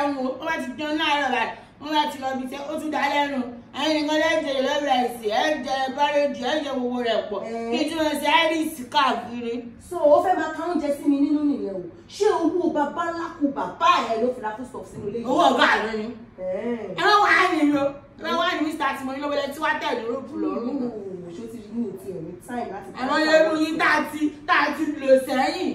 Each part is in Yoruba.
ẹ̀wọ̀n ó bá ti jẹun láàárọ̀ báyìí wọ́n bá ti lọ bí iṣẹ́ ó tún dá lẹ́rùn ẹ̀yin nìkan lẹ́jẹ̀ lọ́rọ̀ ẹ̀sìn ẹ̀jẹ̀ bárẹ́jì ẹ̀jẹ̀ gbogbo rẹ̀ pọ̀ kí tí wọ́n ṣe iris káàkiri. so ó fẹ́ máa ka oúnjẹ sí mi nínú nìyẹn o ṣé owó bàbá lákù bàbá ẹ̀ ló fi láfún stop sínú ilé yìí. owó ọ̀gá rẹ ni ẹ wá wá nílò ẹ wá wá ní mr timothy lọ́wọ́lẹ́ tí wàá tẹ̀ lórúkú lọ́rùn. ẹ̀rọ yẹn lu yín tá a ti lò sẹ́yìn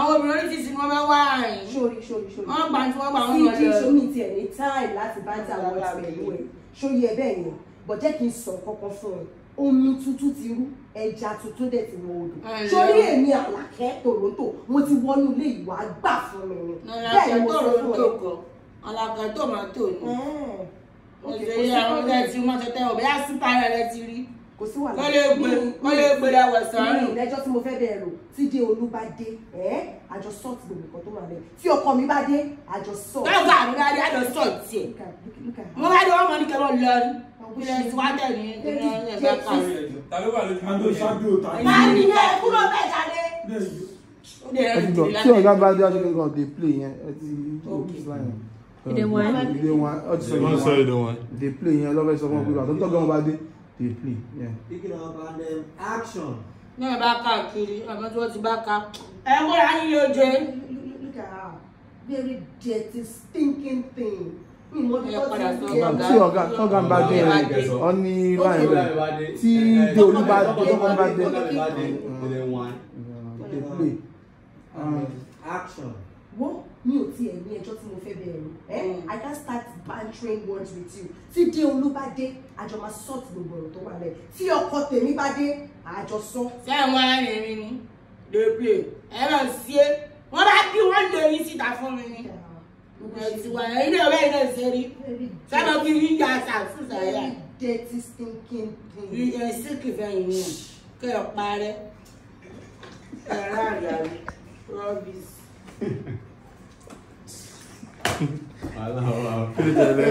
àwọn obìnrin oríṣiríṣi ni wọ́n máa ń wá àárín. sori sori sori wọ́n gbà tí wọ́n gbà wọ́n lọ. cj somi tiẹ̀ ní time láti bá jà wọ́n ti pẹ̀lú ẹ̀ sóyè ẹ bẹ́ẹ̀ yẹn bọ̀ jẹ́ kí n sọ kankan fún ẹ omi tútù ti rú ẹja tuntun dẹ̀ ti wọ odò sórí èmi àlàkẹ́ tòrótò mo ti wọnú ilé ìwà gbà fún mi ni bẹ́ẹ̀ ni mo sọ fún ẹ. àlàkẹ́ tó máa tò ní. òṣèré àwọn ọ̀gá ẹ̀ ti mọ́ tẹ́tẹ́ ọ̀bẹ́ àṣìpá rẹ̀ ti rí kò sí wàhálà. wọ́n lè gbé wọ́n lè gbé ra wẹ̀sán rùn. ní ìdájọ́ tí mo fẹ́ bẹ̀rẹ̀ rò tí dé olú bá dé ẹ́ àjọ sọ́ọ̀tì gbogbo nǹkan tó wà lẹ́yìn tí ọkọ mi bá dé àjọ sọ́ọ̀tì. báwo bá mi bá dé àjọ sọ́ọ̀tì ẹ̀ mo bá dé wọ́n mọ̀ ní kẹ́lọ́ lọ́rùn ilẹ̀ tí wàá tẹ̀ ní ẹgbẹ́ kan. tàbí wà lójú àdó ọ̀gá bá dé ọjọ́ kankan dey play yẹn ẹ ti ọ̀gá bá yẹn ìdè wọn ìdè wọn dey play yẹn lọ́fẹ̀ẹ́ fún ọkùnrin àtọ́ntọ́gbọ́n bá dé. Deeply, Yeah. Picking up and then action. Náà bá káàkiri, àmọ́ tí wọ́n ti bá ká. Ẹ ń wọ́n ráyìn ló jẹ. Look at her, very dirty stinking thing. Tí ọ̀gá tọ́gá ń bá dé rẹ̀, ọ ní láì rẹ̀, tí dé olú bá dé, tọ́gá ń bá dé. Mm. They play. Um, action. What? mi ò tiẹ̀ ní ẹjọ́ tí mo fẹ́ bẹ̀rù ẹ́ mm. i can start bantering words with you tí dé olú bá dé àjọ máa sort gbogbo ọ̀rọ̀ tó wà lẹ̀ tí ọkọ tèmi bá dé àjọ sọ. sẹ́wọ̀n arìnrìn ni lèpè ẹ̀rọ sí é wọ́n bá bí wọ́n lè yín síta fún mi ni ẹ̀sìnwá ilé ọ̀rẹ́ ilé ìṣẹ́rí sábà kí n àṣà fún sàyà. dirty stinking thing. iye síkì fẹ̀yìn ni kẹ́ ẹ̀ parẹ́ ẹ̀rọ àgbàdo rọ́bìsì. 好好好，再见嘞。